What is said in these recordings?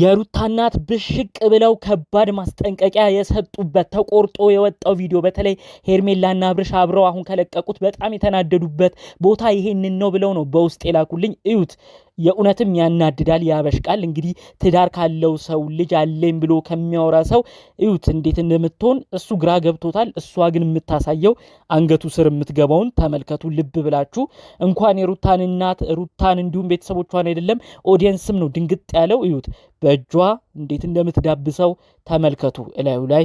የሩታ እናት ብሽቅ ብለው ከባድ ማስጠንቀቂያ የሰጡበት ተቆርጦ የወጣው ቪዲዮ በተለይ ሄርሜላና አብርሽ አብረው አሁን ከለቀቁት በጣም የተናደዱበት ቦታ ይሄንን ነው ብለው ነው በውስጥ የላኩልኝ። እዩት። የእውነትም ያናድዳል፣ ያበሽቃል። እንግዲህ ትዳር ካለው ሰው ልጅ አለኝ ብሎ ከሚያወራ ሰው እዩት እንዴት እንደምትሆን እሱ ግራ ገብቶታል። እሷ ግን የምታሳየው አንገቱ ስር የምትገባውን ተመልከቱ። ልብ ብላችሁ እንኳን የሩታን እናት ሩታን እንዲሁም ቤተሰቦቿን አይደለም ኦዲየንስም ነው ድንግጥ ያለው። እዩት በእጇ እንዴት እንደምትዳብሰው ተመልከቱ እላዩ ላይ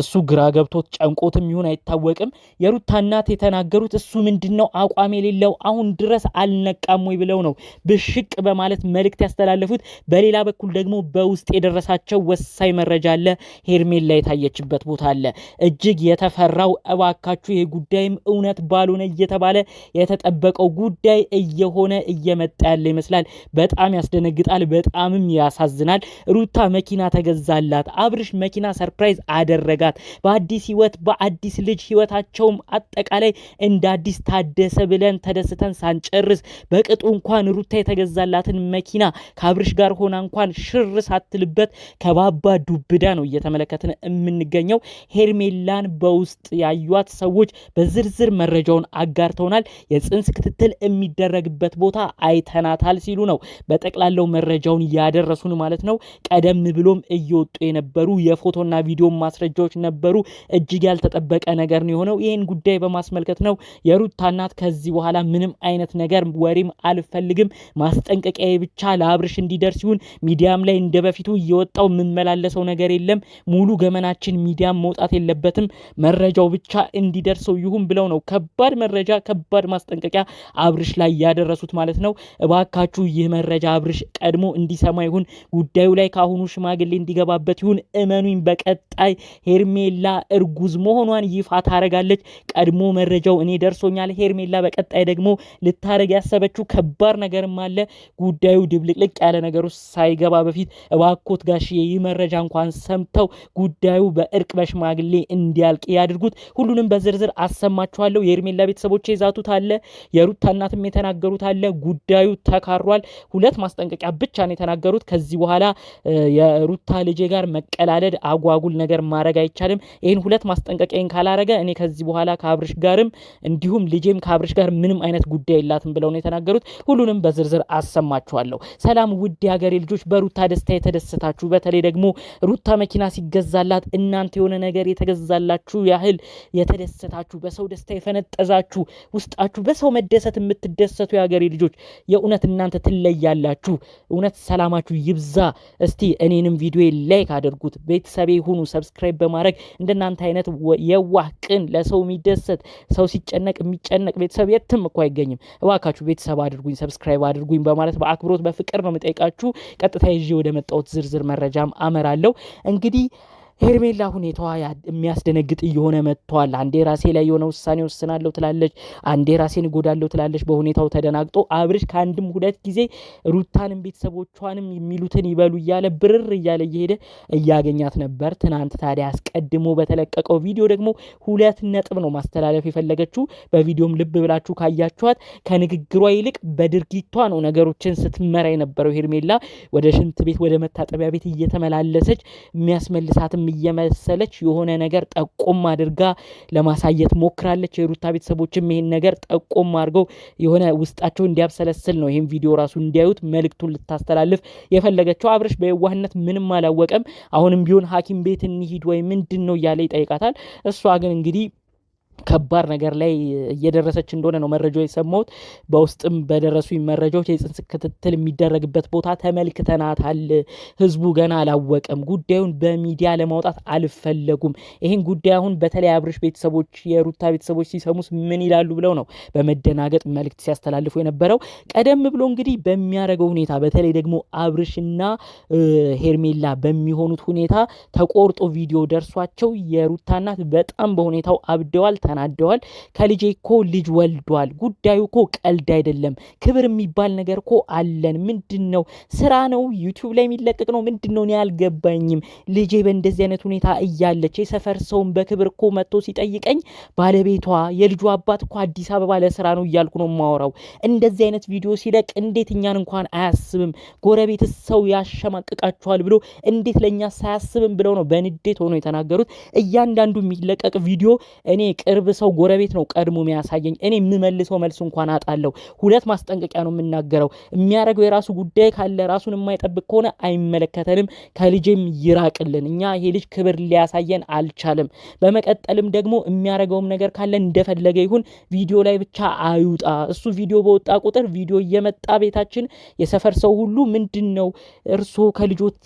እሱ ግራ ገብቶት ጨንቆትም ይሁን አይታወቅም፣ የሩታ እናት የተናገሩት እሱ ምንድን ነው አቋም የሌለው አሁን ድረስ አልነቃም ወይ ብለው ነው ብሽቅ በማለት መልእክት ያስተላለፉት። በሌላ በኩል ደግሞ በውስጥ የደረሳቸው ወሳኝ መረጃ አለ። ሄርሜላ የታየችበት ቦታ አለ። እጅግ የተፈራው እባካችሁ፣ ይሄ ጉዳይም እውነት ባልሆነ እየተባለ የተጠበቀው ጉዳይ እየሆነ እየመጣ ያለ ይመስላል። በጣም ያስደነግጣል፣ በጣምም ያሳዝናል። ሩታ መኪና ተገዛላት፣ አብርሽ መኪና ሰርፕራይዝ አደረጋ መርዳት በአዲስ ህይወት በአዲስ ልጅ ህይወታቸውም አጠቃላይ እንደ አዲስ ታደሰ ብለን ተደስተን ሳንጨርስ በቅጡ እንኳን ሩታ የተገዛላትን መኪና ከአብርሽ ጋር ሆና እንኳን ሽር ሳትልበት ከባባ ዱብዳ ነው እየተመለከትን የምንገኘው። ሄርሜላን በውስጥ ያዩት ሰዎች በዝርዝር መረጃውን አጋርተውናል። የጽንስ ክትትል የሚደረግበት ቦታ አይተናታል ሲሉ ነው በጠቅላላው መረጃውን ያደረሱን ማለት ነው። ቀደም ብሎም እየወጡ የነበሩ የፎቶና ቪዲዮ ማስረጃዎች ነበሩ። እጅግ ያልተጠበቀ ነገር ነው የሆነው። ይህን ጉዳይ በማስመልከት ነው የሩታ እናት ከዚህ በኋላ ምንም አይነት ነገር ወሬም አልፈልግም፣ ማስጠንቀቂያ ብቻ ለአብርሽ እንዲደርስ ይሁን። ሚዲያም ላይ እንደ በፊቱ እየወጣው የምመላለሰው ነገር የለም። ሙሉ ገመናችን ሚዲያም መውጣት የለበትም፣ መረጃው ብቻ እንዲደርሰው ይሁን ብለው ነው ከባድ መረጃ ከባድ ማስጠንቀቂያ አብርሽ ላይ ያደረሱት ማለት ነው። እባካችሁ ይህ መረጃ አብርሽ ቀድሞ እንዲሰማ ይሁን፣ ጉዳዩ ላይ ከአሁኑ ሽማግሌ እንዲገባበት ይሁን። እመኑኝ በቀጣይ ሄር ሄርሜላ እርጉዝ መሆኗን ይፋ ታረጋለች። ቀድሞ መረጃው እኔ ደርሶኛል። ሄርሜላ በቀጣይ ደግሞ ልታደረግ ያሰበችው ከባድ ነገርም አለ። ጉዳዩ ድብልቅልቅ ያለ ነገር ውስጥ ሳይገባ በፊት እባኮት ጋሽዬ ይህ መረጃ እንኳን ሰምተው ጉዳዩ በእርቅ በሽማግሌ እንዲያልቅ ያድርጉት። ሁሉንም በዝርዝር አሰማችኋለሁ። የሄርሜላ ቤተሰቦች የዛቱት አለ፣ የሩታ እናትም የተናገሩት አለ። ጉዳዩ ተካሯል። ሁለት ማስጠንቀቂያ ብቻ ነው የተናገሩት። ከዚህ በኋላ የሩታ ልጄ ጋር መቀላለድ አጓጉል ነገር ማድረግ አይቻልም። ይህን ሁለት ማስጠንቀቂያን ካላረገ እኔ ከዚህ በኋላ ከአብርሽ ጋርም እንዲሁም ልጄም ከአብርሽ ጋር ምንም አይነት ጉዳይ የላትም ብለው ነው የተናገሩት። ሁሉንም በዝርዝር አሰማችኋለሁ። ሰላም ውድ የሀገሬ ልጆች፣ በሩታ ደስታ የተደሰታችሁ በተለይ ደግሞ ሩታ መኪና ሲገዛላት እናንተ የሆነ ነገር የተገዛላችሁ ያህል የተደሰታችሁ በሰው ደስታ የፈነጠዛችሁ ውስጣችሁ በሰው መደሰት የምትደሰቱ የሀገሬ ልጆች የእውነት እናንተ ትለያላችሁ። እውነት ሰላማችሁ ይብዛ። እስቲ እኔንም ቪዲዮ ላይክ አድርጉት። ቤተሰቤ ሁኑ። ሰብስክራይብ በማድረግ የሚያደርግ እንደናንተ አይነት የዋህ ቅን፣ ለሰው የሚደሰት ሰው ሲጨነቅ የሚጨነቅ ቤተሰብ የትም እኮ አይገኝም። እባካችሁ ቤተሰብ አድርጉኝ፣ ሰብስክራይብ አድርጉኝ በማለት በአክብሮት በፍቅር ነው የምጠይቃችሁ። ቀጥታ ይዤ ወደ መጣሁት ዝርዝር መረጃም አመራለሁ እንግዲህ ሄርሜላ ሁኔታዋ የሚያስደነግጥ እየሆነ መጥቷል። አንዴ ራሴ ላይ የሆነ ውሳኔ ወስናለሁ ትላለች፣ አንዴ ራሴን እጎዳለሁ ትላለች። በሁኔታው ተደናግጦ አብርሽ ከአንድም ሁለት ጊዜ ሩታንም ቤተሰቦቿንም የሚሉትን ይበሉ እያለ ብርር እያለ እየሄደ እያገኛት ነበር። ትናንት ታዲያ አስቀድሞ በተለቀቀው ቪዲዮ ደግሞ ሁለት ነጥብ ነው ማስተላለፍ የፈለገችው። በቪዲዮም ልብ ብላችሁ ካያችኋት ከንግግሯ ይልቅ በድርጊቷ ነው ነገሮችን ስትመራ የነበረው ሄርሜላ ወደ ሽንት ቤት ወደ መታጠቢያ ቤት እየተመላለሰች የሚያስመልሳትም እየመሰለች የሆነ ነገር ጠቆም አድርጋ ለማሳየት ሞክራለች። የሩታ ቤተሰቦችም ይህን ነገር ጠቆም አድርገው የሆነ ውስጣቸው እንዲያብሰለስል ነው ይህም ቪዲዮ ራሱ እንዲያዩት መልእክቱን ልታስተላልፍ የፈለገችው። አብረሽ በየዋህነት ምንም አላወቀም። አሁንም ቢሆን ሐኪም ቤት እንሂድ ወይ ምንድን ነው እያለ ይጠይቃታል። እሷ ግን እንግዲህ ከባድ ነገር ላይ እየደረሰች እንደሆነ ነው መረጃው የሰማሁት። በውስጥም በደረሱ መረጃዎች የጽንስ ክትትል የሚደረግበት ቦታ ተመልክተናታል። ህዝቡ ገና አላወቀም። ጉዳዩን በሚዲያ ለማውጣት አልፈለጉም። ይህን ጉዳይ አሁን በተለይ አብርሽ ቤተሰቦች፣ የሩታ ቤተሰቦች ሲሰሙስ ምን ይላሉ ብለው ነው በመደናገጥ መልእክት ሲያስተላልፉ የነበረው። ቀደም ብሎ እንግዲህ በሚያደርገው ሁኔታ በተለይ ደግሞ አብርሽና ሄርሜላ በሚሆኑት ሁኔታ ተቆርጦ ቪዲዮ ደርሷቸው የሩታ እናት በጣም በሁኔታው አብደዋል። ተናደዋል። ከልጄ እኮ ልጅ ወልዷል። ጉዳዩ እኮ ቀልድ አይደለም። ክብር የሚባል ነገር እኮ አለን። ምንድን ነው ስራ ነው ዩቲዩብ ላይ የሚለቀቅ ነው ምንድን ነው? እኔ አልገባኝም። ልጄ በእንደዚህ አይነት ሁኔታ እያለች የሰፈር ሰውን በክብር እኮ መጥቶ ሲጠይቀኝ ባለቤቷ የልጁ አባት እኮ አዲስ አበባ ለስራ ነው እያልኩ ነው የማወራው። እንደዚህ አይነት ቪዲዮ ሲለቅ እንዴት እኛን እንኳን አያስብም? ጎረቤት ሰው ያሸማቅቃችኋል ብሎ እንዴት ለእኛ ሳያስብም ብለው ነው በንዴት ሆኖ የተናገሩት። እያንዳንዱ የሚለቀቅ ቪዲዮ እኔ የቅርብ ሰው ጎረቤት ነው ቀድሞ የሚያሳየኝ። እኔ የምመልሰው መልስ እንኳን አጣለሁ። ሁለት ማስጠንቀቂያ ነው የምናገረው። የሚያደርገው የራሱ ጉዳይ ካለ ራሱን የማይጠብቅ ከሆነ አይመለከተንም፣ ከልጅም ይራቅልን። እኛ ይሄ ልጅ ክብር ሊያሳየን አልቻለም። በመቀጠልም ደግሞ የሚያደርገውም ነገር ካለ እንደፈለገ ይሁን፣ ቪዲዮ ላይ ብቻ አይውጣ። እሱ ቪዲዮ በወጣ ቁጥር ቪዲዮ እየመጣ ቤታችን የሰፈር ሰው ሁሉ ምንድን ነው እርሶ ከልጆት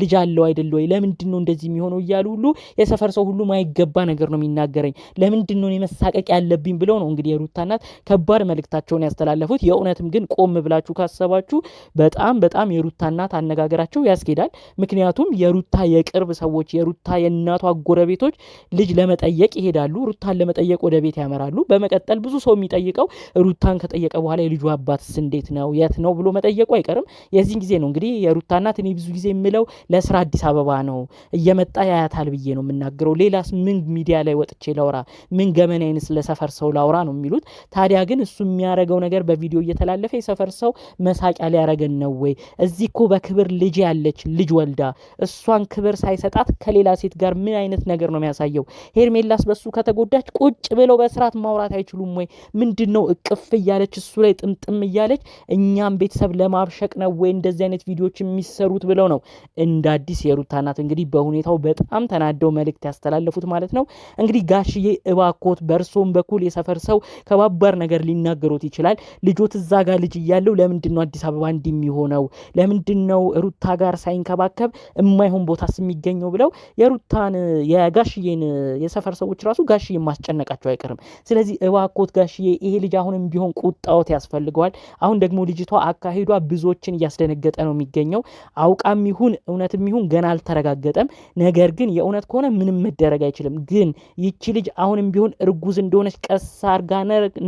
ልጅ አለው አይደለ ወይ? ለምንድን ነው እንደዚህ የሚሆነው እያሉ ሁሉ የሰፈር ሰው ሁሉ ማይገባ ነገር ነው የሚናገረኝ ለምን ለምንድን ነው መሳቀቅ ያለብኝ ብለው ነው እንግዲህ የሩታ እናት ከባድ መልእክታቸውን ያስተላለፉት። የእውነትም ግን ቆም ብላችሁ ካሰባችሁ በጣም በጣም የሩታ እናት አነጋገራቸው ያስኬዳል። ምክንያቱም የሩታ የቅርብ ሰዎች የሩታ የእናቷ ጎረቤቶች ልጅ ለመጠየቅ ይሄዳሉ። ሩታን ለመጠየቅ ወደ ቤት ያመራሉ። በመቀጠል ብዙ ሰው የሚጠይቀው ሩታን ከጠየቀ በኋላ የልጁ አባትስ እንዴት ነው የት ነው ብሎ መጠየቁ አይቀርም። የዚህን ጊዜ ነው እንግዲህ የሩታ እናት እኔ ብዙ ጊዜ የምለው ለስራ አዲስ አበባ ነው እየመጣ ያያታል ብዬ ነው የምናገረው። ሌላስ ምን ሚዲያ ላይ ወጥቼ ለውራ ምን ገመና አይነት ስለሰፈር ሰው ላውራ ነው የሚሉት። ታዲያ ግን እሱ የሚያደርገው ነገር በቪዲዮ እየተላለፈ የሰፈር ሰው መሳቂያ ሊያደርገን ነው ወይ? እዚህ እኮ በክብር ልጅ ያለች ልጅ ወልዳ እሷን ክብር ሳይሰጣት ከሌላ ሴት ጋር ምን አይነት ነገር ነው የሚያሳየው? ሄርሜላስ በሱ ከተጎዳች ቁጭ ብለው በስርዓት ማውራት አይችሉም ወይ? ምንድን ነው እቅፍ እያለች እሱ ላይ ጥምጥም እያለች እኛም ቤተሰብ ለማብሸቅ ነው ወይ እንደዚህ አይነት ቪዲዮዎች የሚሰሩት ብለው ነው እንደ አዲስ የሩታ እናት እንግዲህ በሁኔታው በጣም ተናደው መልእክት ያስተላለፉት ማለት ነው እንግዲህ ጋሽዬ እባኮት በእርሶም በኩል የሰፈር ሰው ከባባር ነገር ሊናገሩት ይችላል። ልጆት እዛ ጋር ልጅ እያለው ለምንድን ነው አዲስ አበባ እንዲህ የሚሆነው? ለምንድን ነው ሩታ ጋር ሳይንከባከብ የማይሆን ቦታስ የሚገኘው? ብለው የሩታን የጋሽዬን የሰፈር ሰዎች ራሱ ጋሽዬ ማስጨነቃቸው አይቀርም። ስለዚህ እባኮት ጋሽዬ ይሄ ልጅ አሁንም ቢሆን ቁጣዎት ያስፈልገዋል። አሁን ደግሞ ልጅቷ አካሂዷ ብዙዎችን እያስደነገጠ ነው የሚገኘው። አውቃም ይሁን እውነትም ይሁን ገና አልተረጋገጠም። ነገር ግን የእውነት ከሆነ ምንም መደረግ አይችልም። ግን ይቺ ልጅ አሁንም ቢሆን እርጉዝ እንደሆነች ቀስ አርጋ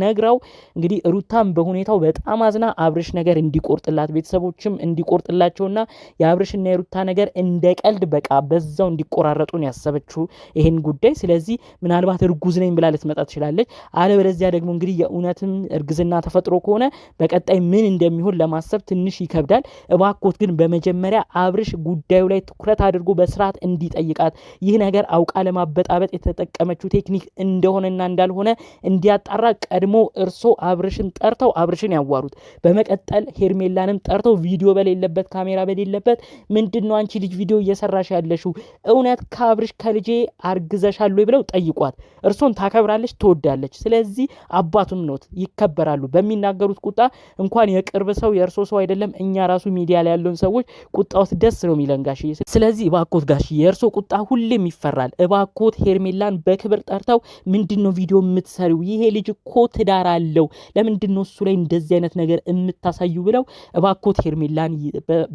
ነግራው እንግዲህ ሩታም በሁኔታው በጣም አዝና አብርሽ ነገር እንዲቆርጥላት ቤተሰቦችም እንዲቆርጥላቸውና የአብርሽና የሩታ ነገር እንደ ቀልድ በቃ በዛው እንዲቆራረጡ ነው ያሰበችው ይሄን ጉዳይ። ስለዚህ ምናልባት እርጉዝ ነኝ ብላ ልትመጣ ትችላለች። አለበለዚያ ደግሞ እንግዲህ የእውነትም እርግዝና ተፈጥሮ ከሆነ በቀጣይ ምን እንደሚሆን ለማሰብ ትንሽ ይከብዳል። እባኮት ግን በመጀመሪያ አብርሽ ጉዳዩ ላይ ትኩረት አድርጎ በስርዓት እንዲጠይቃት ይህ ነገር አውቃ ለማበጣበጥ የተጠቀመችው ቴክኒክ እንደሆነና እንዳልሆነ እንዲያጣራ ቀድሞ እርሶ አብርሽን ጠርተው አብርሽን ያዋሩት። በመቀጠል ሄርሜላንም ጠርተው ቪዲዮ በሌለበት ካሜራ በሌለበት ምንድን ነው አንቺ ልጅ ቪዲዮ እየሰራሽ ያለሽው? እውነት ከአብርሽ ከልጄ አርግዘሻል ወይ ብለው ጠይቋት። እርሶን ታከብራለች፣ ትወዳለች። ስለዚህ አባቱም ኖት ይከበራሉ። በሚናገሩት ቁጣ እንኳን የቅርብ ሰው የእርሶ ሰው አይደለም እኛ ራሱ ሚዲያ ላይ ያለውን ሰዎች ቁጣ ውስጥ ደስ ነው የሚለን ጋሽ። ስለዚህ እባኮት ጋሽ የእርሶ ቁጣ ሁሌም ይፈራል። እባኮት ሄርሜላን በክብር ጠርተው ምንድን ነው ቪዲዮ የምትሰሪው? ይሄ ልጅ እኮ ትዳር አለው። ለምንድን ነው እሱ ላይ እንደዚህ አይነት ነገር የምታሳዩ? ብለው እባኮት ሄርሜላን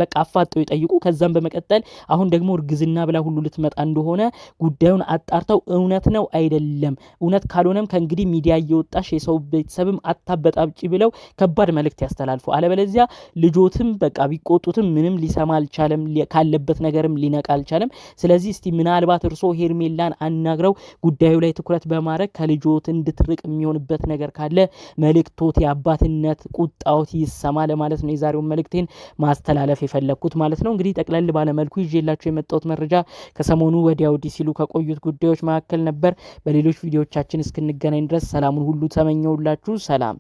በቃ አፋጠው ይጠይቁ። ከዛም በመቀጠል አሁን ደግሞ እርግዝና ብላ ሁሉ ልትመጣ እንደሆነ ጉዳዩን አጣርተው እውነት ነው አይደለም፣ እውነት ካልሆነም ከእንግዲህ ሚዲያ እየወጣሽ የሰው ቤተሰብም አታበጣብጪ ብለው ከባድ መልእክት ያስተላልፉ። አለበለዚያ ልጆትም በቃ ቢቆጡትም ምንም ሊሰማ አልቻለም፣ ካለበት ነገርም ሊነቃ አልቻለም። ስለዚህ እስቲ ምናልባት እርሶ ሄርሜላን አናግረው ጉዳዩ ላይ ትኩረት በማድረግ ከልጆት እንድትርቅ የሚሆንበት ነገር ካለ መልእክቶት የአባትነት ቁጣዎት ይሰማ ለማለት ነው የዛሬውን መልእክቴን ማስተላለፍ የፈለግኩት ማለት ነው። እንግዲህ ጠቅለል ባለመልኩ ይዤላቸው የመጣሁት መረጃ ከሰሞኑ ወዲያ ወዲህ ሲሉ ከቆዩት ጉዳዮች መካከል ነበር። በሌሎች ቪዲዮዎቻችን እስክንገናኝ ድረስ ሰላሙን ሁሉ ተመኘውላችሁ። ሰላም